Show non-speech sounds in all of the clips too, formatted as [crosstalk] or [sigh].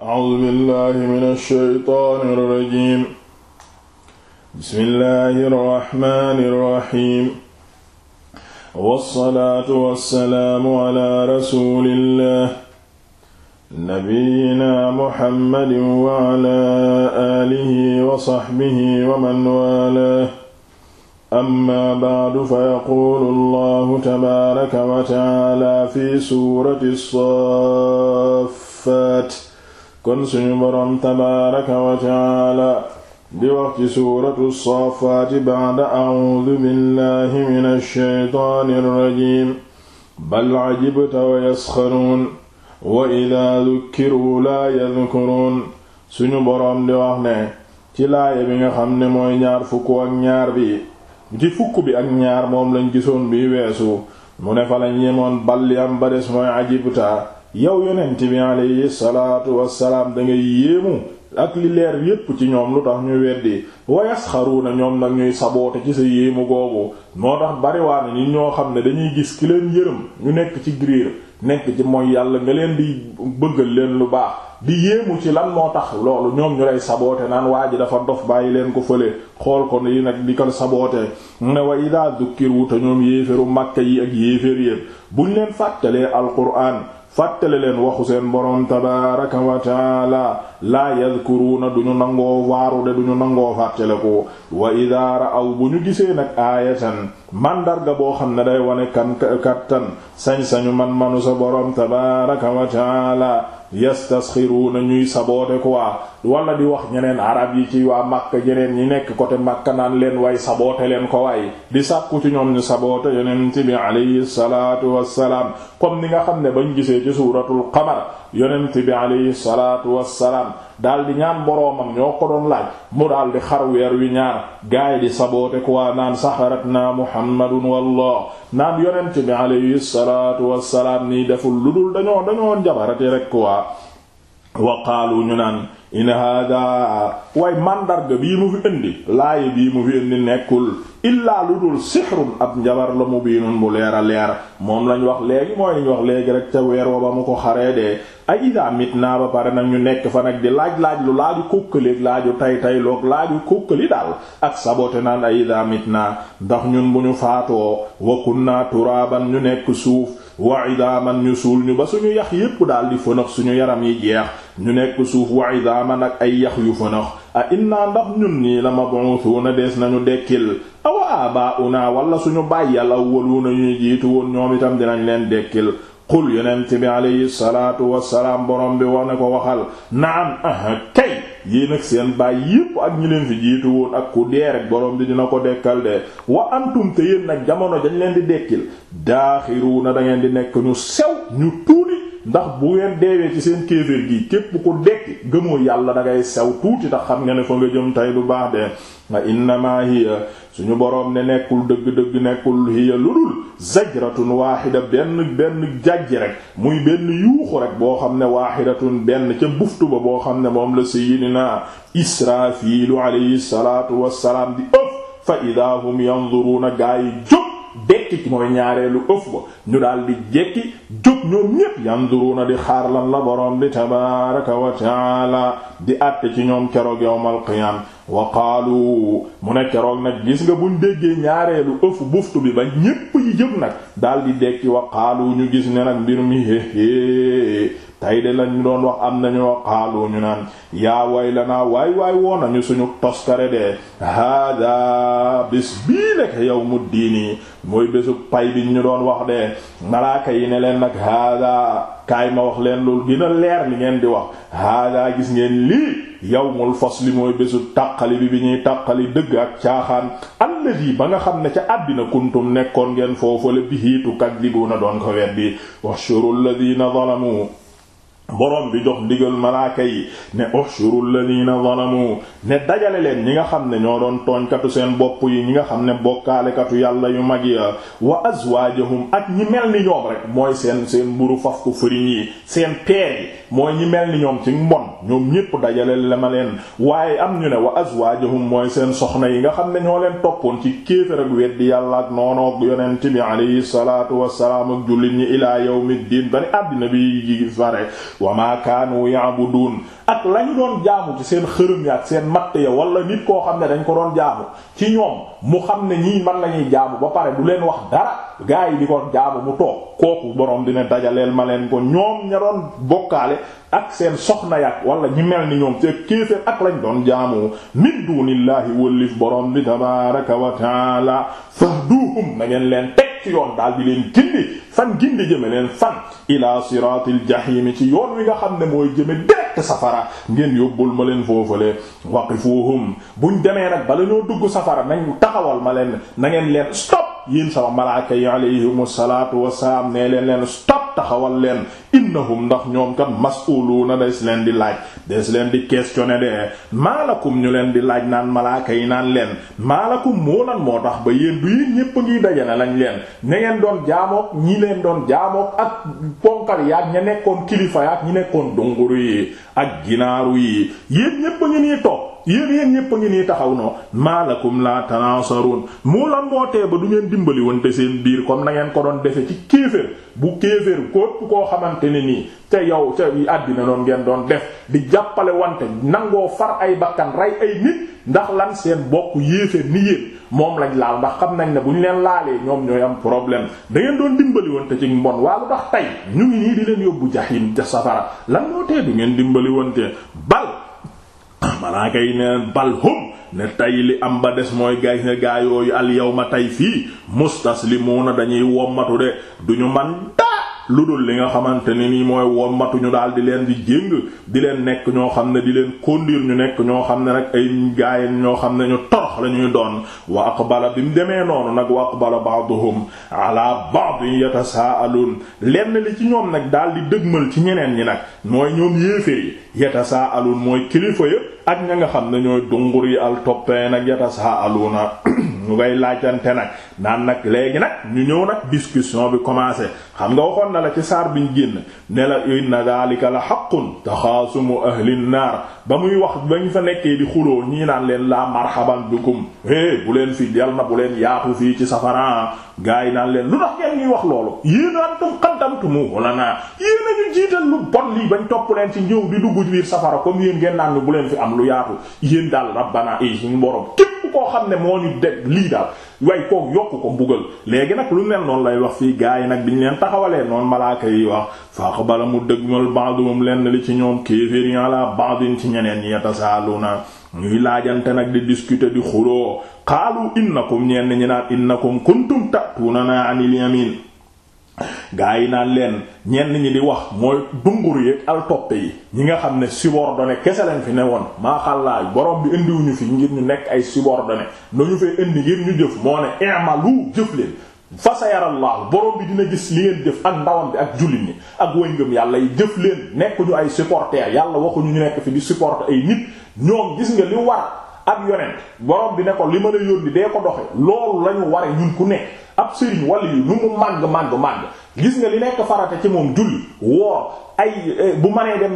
A'uuzu billaahi mina shaytaani rajiim bismillaahi rahmaani rahiim wassalaatu wassalaamu alaa rasuulillaahi nabiyyinaa Muhammadin wa alaa aalihi wa sahbihi wa man waalaahu amma ba'du fayaquulu Allahu tabaaraka wa ta'aalaa fi suurati Saaffaat kon suñu boroom tabaaraka wa taala di wax ci suuratu saafaati ba'da a'uudu billahi minash shaytaanir rajiim bal ajibta wa yasxaruun wa idaa dukkiruu laa yadkuruun suñu boroom di wax ne ci laaya bi nga xam ne mooy ñaar fukk ak ñaar bi ci fukk bi ak ñaar moom lañ gisoon bi weesu mu ne fa lañ yemoon bal li am ba mooy ajibta yow yonent bi alayhi salaatu wassalaam da ngay yéemu ak li leer yépp ci ñoom lu tax ñu weddi na ñoom nag ñuy saboote ci sa yéemu googu moo tax bariwaane nit ñoo xam ne dañuy gis ki leen yërëm ñu nekk ci griir nekk ci mooy yàlla nga leen di bëggal leen lu baax di yéemu ci lan moo tax loolu ñoom ñu lay saboote naan waa ji dafa dof bàyyi leen ko fële xool ko ni nag di ko saboote ne wa idaa dukkiru te ñoom yéeféru Makka yi ak yéefér yépp buñ leen fàttalee alquran fàttale leen waxu seen boroom tabaraka wa taala laa yadkuruuna duñu nangoo waaru de ñu nangoo fàttale ko wa idaa aw bu ñu gisee nag aayatan màndarga boo xam ne day wane kan kattan sañ-sañu man manu sa boroom tabaraka wa taala yastasxiruuna ñuy saboote quoi walla di wax ñeneen arab yi ci waa Makka ñeneen ñi nekk côté Makka naan leen way saboote leen ko waay di sàkku ci ñoom ñu saboote yonent bi alayhi salaatu wassalaam comme ni nga xam ne bañ gisee ci suuratul qamar yonent bi alayhi salaatu wassalaam daal di ñaan boroomam ñoo ko doon laaj mu daal xar weer wi ñaar gaay di saboote kuwaa naan saxarat naa muhammadun wallah naan yonent bi alayhi salaatu nii deful lu dul dañoo dañoo njabarati rek kuwaa waqaalu ñu naan in hada way màndarga bii mu fi indi laayi bii mu fi indi nekkul illaa lu dul sixrun ab njabar la mu biinun bu leer a leer moom lañ wax léegi mooy liñ wax léegi rek ca weer wa ba mu ko xaree dee ay mit naa ba pare nag ñu nekk fa nag di laaj-laaj lu laaju kókkaleeg laaju tay tay loog laaju kókkali daal ak sabote naan ay mit naa ndax ñun bu ñu faatoo wa kunna turaban ñu nekk suuf wa idaaman ñu suul ñu ba suñu yax yépp daal di fënax suñu yaram yi jeex ñu nekk suuf wa idaaman ak ay yax yu fënax a inna ndax ñun ñii la mab'uthuna dees nañu dekkil awa aba'una wala suñu bàyyal awwaluuna ñu jiitu woon ñoom itam dinañ leen dekkil qul yonent bi alayhi salaatu wassalaam borom bi wax ne ko waxal naam aha kay yéen ak seen baay yépp ak ñi leen fi jiitu woon ak ku dee rek borom bi dina ko dekkal de wa antum te yéen nag jamono dañ leen di dekkil daaxiruuna da dangeen di nekk ñu sew ñu tuuti ndax bu ngeen deewee ci seen kéeféer gi képp ku dekki gëmoo yàlla da ngay sew tuuti tax xam nga ne fa nga jëm tay du baax de nga innamaa hiya suñu boroom ne nekkul dëgg-dëgg nekkul hiya lu dul zajratun waaxida benn benn jajj rek muy benn yuuxu rek boo xam ne waaxidatun benn ca buftu ba boo xam ne moom la sayyidina israfilu alayhi salaatu wassalaam di ëf fa idaa hum yanzuruuna gaay dekki ci mooy ñaareelu ëf ba ñu daal di jekki jóg ñoom ñépp yanzuruna di xaar lan la borom bi tabaaraka wa taala di àtte ci ñoom keroog yawmal qiyaam wa mu ne keroog nag gis nga bu déggee ñaareelu ëfu buftu bi ba ñépp yi jëp nag daal di dekki wa qaalu ñu gis ne nag mbir mi héehée tey de lañu doon wax am nañu wa qaalu ñu naan yaa way la naa waay waay woon nañu suñu toskare de hada bés bii nekk yawmu diini mooy bésu pay bi ñu doon wax de malaaka yi ne leen nag hada kaay ma wax leen loolu gën a leer li ngeen di wax daa gis ngeen lii yawmul fasli mooy bésu taqali bi bi ñuy taqali dëgg ak caaxaan alladi ba nga xam ne ca àddina kuntum nekkoon ngeen foofu la bihiitu kaddibu na doon bi weddi washuru alladina zalamu borom bi jox ndigal malaaka yi ne ushuru alladhina zalamu ne dajale leen ñi nga xam ne ñoo doon tooñkatu seen bopp yi ñi nga xam ne bokkaalekatu yàlla yu mag ya wa azwaajahum ak ñi mel ni ñoom rek mooy seen seen mburu faf ko fëriñ yi seen peer yi mooy ñi mel ni ñoom ci mbon ñoom ñépp dajale la ma leen waaye am ñu ne wa azwaajuhum mooy seen soxna yi nga xam ne ñoo leen toppoon ci kéefër ak weddi yàlla ak noonoog yonent bi alayhi salaatu wassalaam ak jullit ñi ilaa yawmiddiin bani àddina bi yi fare wa maa kaanu ya'buduun ak lañu doon jaamu ci seen xërëm ya ak seen matt ya wala nit koo xam ne dañ ko doon jaamu ci ñoom mu xam ne ñii man lañuy jaamu ba pare du leen wax dara gaa yi di ko jaamu mu toog kooku borom dina dajaleel ma leen ko ñoom ña doon bokkaale ak seen soxna yàq wala ñi mel ni ñoom te kéeféer ak lañ doon jaamu min dunillahi wëllif borom bi tabaaraka wa taala fahduhum na ngeen leen teg ci yoon daal di leen gindi fan gindi jëme leen fan ila siraatil jahiim ci yoon wi nga xam ne mooy jëme direct safara ngeen yóbbul ma leen foofalee waqifuhum buñ demee nag bala ñoo dugg safara nañ taxawal ma leen na ngeen leen stop yéen sama malaaka yi alayhimu salaatu wassalaam nee leen leen stop taxawal leen innahum ndax ñoom kat mas'uluuna des leen di laaj des leen di questionner de maalakum ñu leen di laaj naan malaaka yi naan leen maalakum moo lan moo tax ba yéen du yéen ñépp a ngiy dajale lañ leen nangeen doon jaamook ñi leen doon jaamook ak ponkal yaak ña nekkoon kilifa yaak ñi nekkoon dunguru yi ak ginaaru yi yéen ñépp a ngi nii toog yéen yéen ñépp a ngi nii taxaw noo maalakum la tanaasaruun mu lan moo tee ba du ngeen dimbali wante seen biir comme na ngeen ko doon defe ci kéeféer bu kéeféer kópp koo xamante ne nii ca yow ca yi àddina noon ngeen doon def di jàppale wante nangoo far ay bakkan rey ay nit ndax lan seen bokk yéeféer ni yéen moom lañ laal ndax xam nañ ne bu ñu leen laalee ñoom ñooy am problème da ngeen doon dimbali wante ci mbon waalu ndax tey ñu ngi nii di leen yóbbu jahim ja safara lan du ngeen dimbali wante malaaka yi neen bal hum ne tey li am ba des mooy gay ne gaayooyu al ma tey fii moo na dañuy wommatu de duñu man lu dul li nga xamante ne nii mooy wommatu ñu daal di leen di jéng di leen nekk ñoo xam ne di leen conduire ñu nekk ñoo xam ne rek ay gaayen ñoo xam ne ñu torox la ñuy doon wa bala bi mu demee noonu nag wax wa aqbala ba'duhum ala ba'd yatasaalun lenn li ci ñoom nag daal di dëgmal ci ñeneen ñi nag mooy ñoom yéefee yatasaalun mooy kilifa yëpp ak ña nga xam ne ñooy dungur yi nag toppee nag yatasaaluna [coughs] ñu ngay laajante nag naan nag léegi nag ñu ñëw nag discussion bi commencé xam nga waxoon na la ci saar bi génn ne la inna daalika la haqqun taxaasumu ahli naar ba muy wax bañ fa nekkee di xuloo ñii naan leen laa marhaban bikum é eh, bu leen fi yal leen yaatu fii ci safara gaa yi naan leen lu tax ngeen ñuy wax loolu yéen antum qaddamtumu lana yéen a ñu jiital lu bon lii bañ topp leen ci ñëw di dugg biir safara comme yéen ngeen naan bu leen fi am lu yaatu yéen daal rabbana i suñu borom képp koo xam ne moo ñu deg lii daal way kook yokk ko mbugal léegi nag lu mel noonu lay wax fii gaay nag ñu leen taxawalee noonu malaaka yi wax faax bala mu dëgmal ba'dhum lenn li ci ñoom kéeféer ala ba'dhin ci ñeneen ñi yatasaaluna ñuy laajante nag di discuter di xuloo xaalu innakum ñenn ñi naan innakum kuntum naa anil yamin gaa yi naan leen ñenn ñi di wax mooy dunguru yeeg al toppe yi ñi nga xam ne subordonné kese lañ fi ne woon maa xàllaayu borom bi indiwuñu fi ngir ñu nekk ay subordonné dañu fee indi ngir ñu jëf moo ne i'malu jëf leen fa sa yarallaahu borom bi gis li ngeen jëf ak ndawam bi ak jullit ñi ak way ngëm yàlla yi jëf leen nekkuñu ay supporters yàlla waxuñu ñu nekk fi di supporter ay nit ñoom gis nga li war ab yonent borom bi ne ko li ma la yónni dee ko doxe loolu lañu ware ñun ku nekk ab sëriñ walla yi nu mu màgg màgg màgg gis nga li nekk farata ci moom julli woor ay eh, bu mënee dem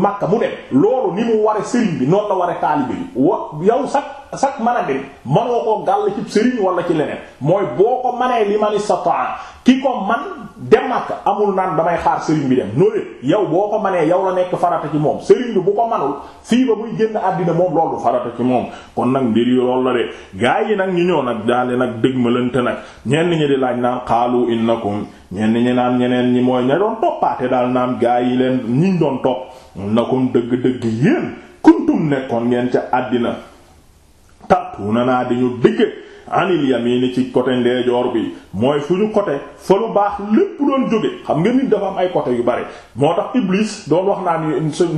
Makka mu dem loolu ni mu ware sëriñ bi noon la ware taalibe bi wa yow sax sax mën a dem mënoo koo gàll ci sëriñ wala ci leneen mooy boo ko mënee li man istata'a ki ko man dem ak amul naan damay xaar sëriñ bi dem noonu yow boo ko manee yow la nekk farata ci moom sëriñ bi bu ko manul fii ba muy génn àddina moom loolu farata ci moom kon nag mbir yi loolu la de gaa yi nag ñu ñëw nag daale nag dëgg ma nag ñenn ñi di laaj naan xaalu ko ñenn ñi naan ñeneen ñi mooy ña doon toppaate daal naan gaa yi leen ñu doon topp innakum dëgg-dëgg yéen kuntum nekkoon ngeen ca àddina naa di ñu digge anil yamini ci côté ndeejoor bi mooy fu ñu côté fa lu baax lépp doon jóge xam nga nit dafa am ay côté yu bare moo tax iblis doon wax naan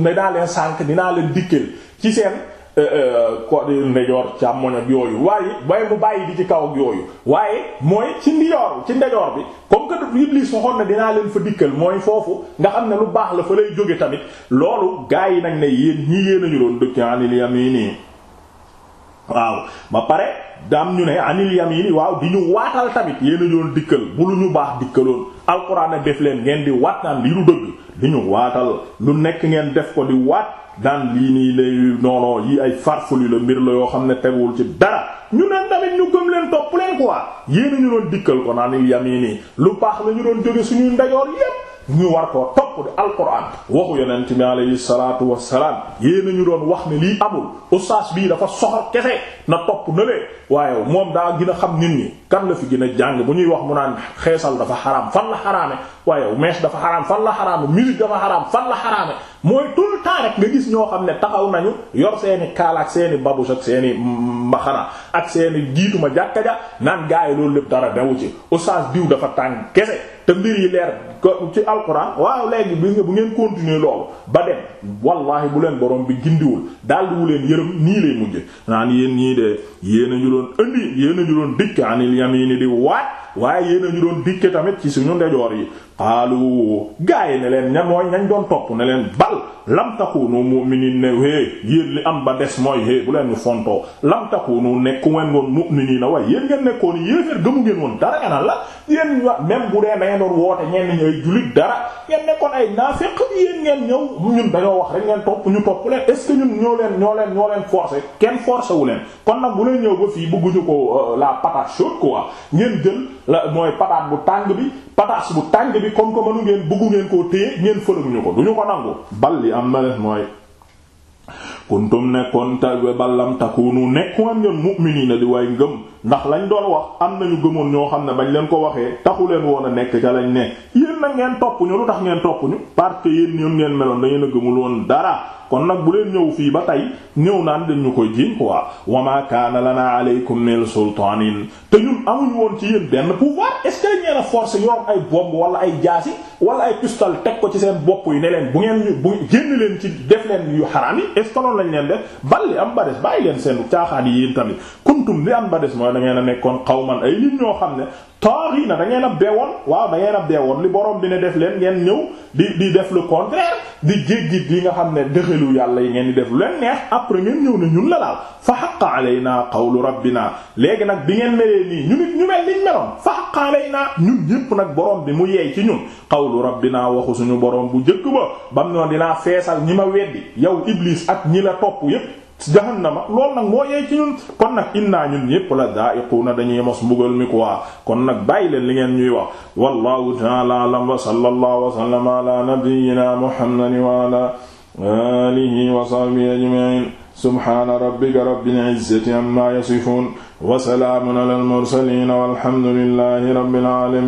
ne daa leen sànk dinaa leen dikkal ci seen euh, euh, côté ndejoor càmmoñ ak yooyu waaye waaye mu bàyyi di ci kaw ak yooyu waaye mooy ci ndijoor ci ndejoor bi comme que Iblis waxoon na dinaa leen fa dikkal mooy foofu nga xam ne lu baax la fa lay jóge tamit loolu gaa yi nag ne yéen ñii yéen a ñu doon dëkk anil yamini waaw ba pare daam ñu ne anil yamini waaw di ñu waatal tamit yéen a doon dikkal bu lu ñu baax dikkaloon alquran a def leen ngeen di waat naan lii du dëgg di ñu waatal lu nekk ngeen def ko di waat daan lii nii lay noonoo yi ay farfuli la mbir la yoo xam ne teguwul ci dara ñu ne tamit ñu gëm leen topp leen quoi yéen a ñu doon dikkal ko naan anil yamini lu baax la doon jóge suñuy ndajoor yépp ñu war koo topp di alquran waxu yonent bi alayhi salaatu wassalaam yéena ñu doon wax ne lii amul ustaas bii dafa soxor kese na topp na lee waaye moom daa gën a xam nit ñi kan la fi gën a jàng bu ñuy wax mu naan xeesal dafa xaraam fan la xaraame waaye mees dafa xaraam fan la xaraame musique dafa xaraam fan la xaraame mooy tout le temps rek nga gis ñoo xam ne taxaw nañu yor seeni kaal ak seeni babus ak seeni mbaxana ak seeni jiituma jàkka ja naan gaay loolu lépp dara dewu ci ustaas diw dafa tàng kese te mbir yi leer ko ci alquran waaw léegi bi bu ngeen continuer loolu ba dem wallahi bu leen borom bi gindiwul daal di wu leen yërëm nii lay mujje naan yéen ñii de yéen a ñu doon indi yéen a ñu doon dikk anil yamini di waat waaye yéen a ñu doon dikk tamit ci suñu ndejoor yi xaalu gaa yi ne leen ña ñañ doon topp ne leen bal lam takunu mu'minin ne hé yéen li am ba des mooy hé bu leen ñu fontoo lam takunu nekku ngeen woon mu'minin na waaye yéen ngeen nekkoon yéeféer gëmu ngeen woon ngeen doon woote ñenn ñi ay jullit dara ngeen nekkoon ay naafiq yéen ngeen ñëw ñun dañoo wax rek ngeen topp ñu topp leen est ñun ñoo leen ñoo leen ñoo leen forcer kenn forcer wu leen kon nag bu leen ñëw ba fii bëgguñu ko euh, la patate chaude quoi ngeen jël mooy patate bu tàng bi patate bu tàng bi comme que mënu ngeen bëggu ngeen koo téye ngeen fëlaguñu ko duñu ko nangu. bal li am na leen mooy. kuntum nekkoon ta ballam takunu nekku ngeen ngeen mu'miniina di way ngëm ndax lañ doon wax am nañu gëmoon ñoo xam ne bañ leen ko waxee taxu leen woon a nekk ca lañ ne yéen na ngeen topp ñu lu tax ngeen topp ñu parce que yéen ñoom ngeen meloon dañu a gëmul woon dara kon nag bu leen ñëw fii ba tey ñëw naan dañu koy jiiñ quoi wa ma kaana lana aleykum min sultaanin te ñun amuñu woon ci yéen benn pouvoir est-ce force yorom ay bomb wala ay jaasi wala ay pistol teg ko ci seen bopp yi ne leen bu ngeen ñu bu génn leen ci def leen yu xaraam yi est lañ leen def balli am ba des bàyyi leen seen caaxaan yi yéen tamit kuntum li am ba des mooy da a nekkoon xaw xawman ay nit ñoo xam ne taaxi na da ngeen a beewoon waaw da ngeen a beewoon li borom bi ne def leen ngeen ñëw di di def le di jéggit yi nga xam ne dëxalu yàlla yi ngeen di def lu leen neex après ngeen ñëw ne ñun la daal fa xaqa alaynaa qawlu naa léegi nag bi ngeen melee nii ñu nit ñu mel liñ meloon fa xaqa alaynaa ñun ñépp nag borom bi mu yeey ci ñun qawlu rabbinaa waxu suñu borom bu jëkk ba bam noon dinaa feesal ñi ma weddi yow iblis ak ñi la topp yépp jahannama loolu nag moo yey ci ñun kon nag innaa ñun yépp la daa'iquuna dañuy mos mbugal mi quoi kon nag bàyyi leen li ngeen ñuy wax wallahu ta'ala a'lam wa sallallahu wa sallama ala nabiyyina muhammadin wa ala alihi wa sahbihi ajma'in subhana rabbika rabbil izzati amma yasifun wa salaamun alal mursaliin walhamdulillahi rabbil alamin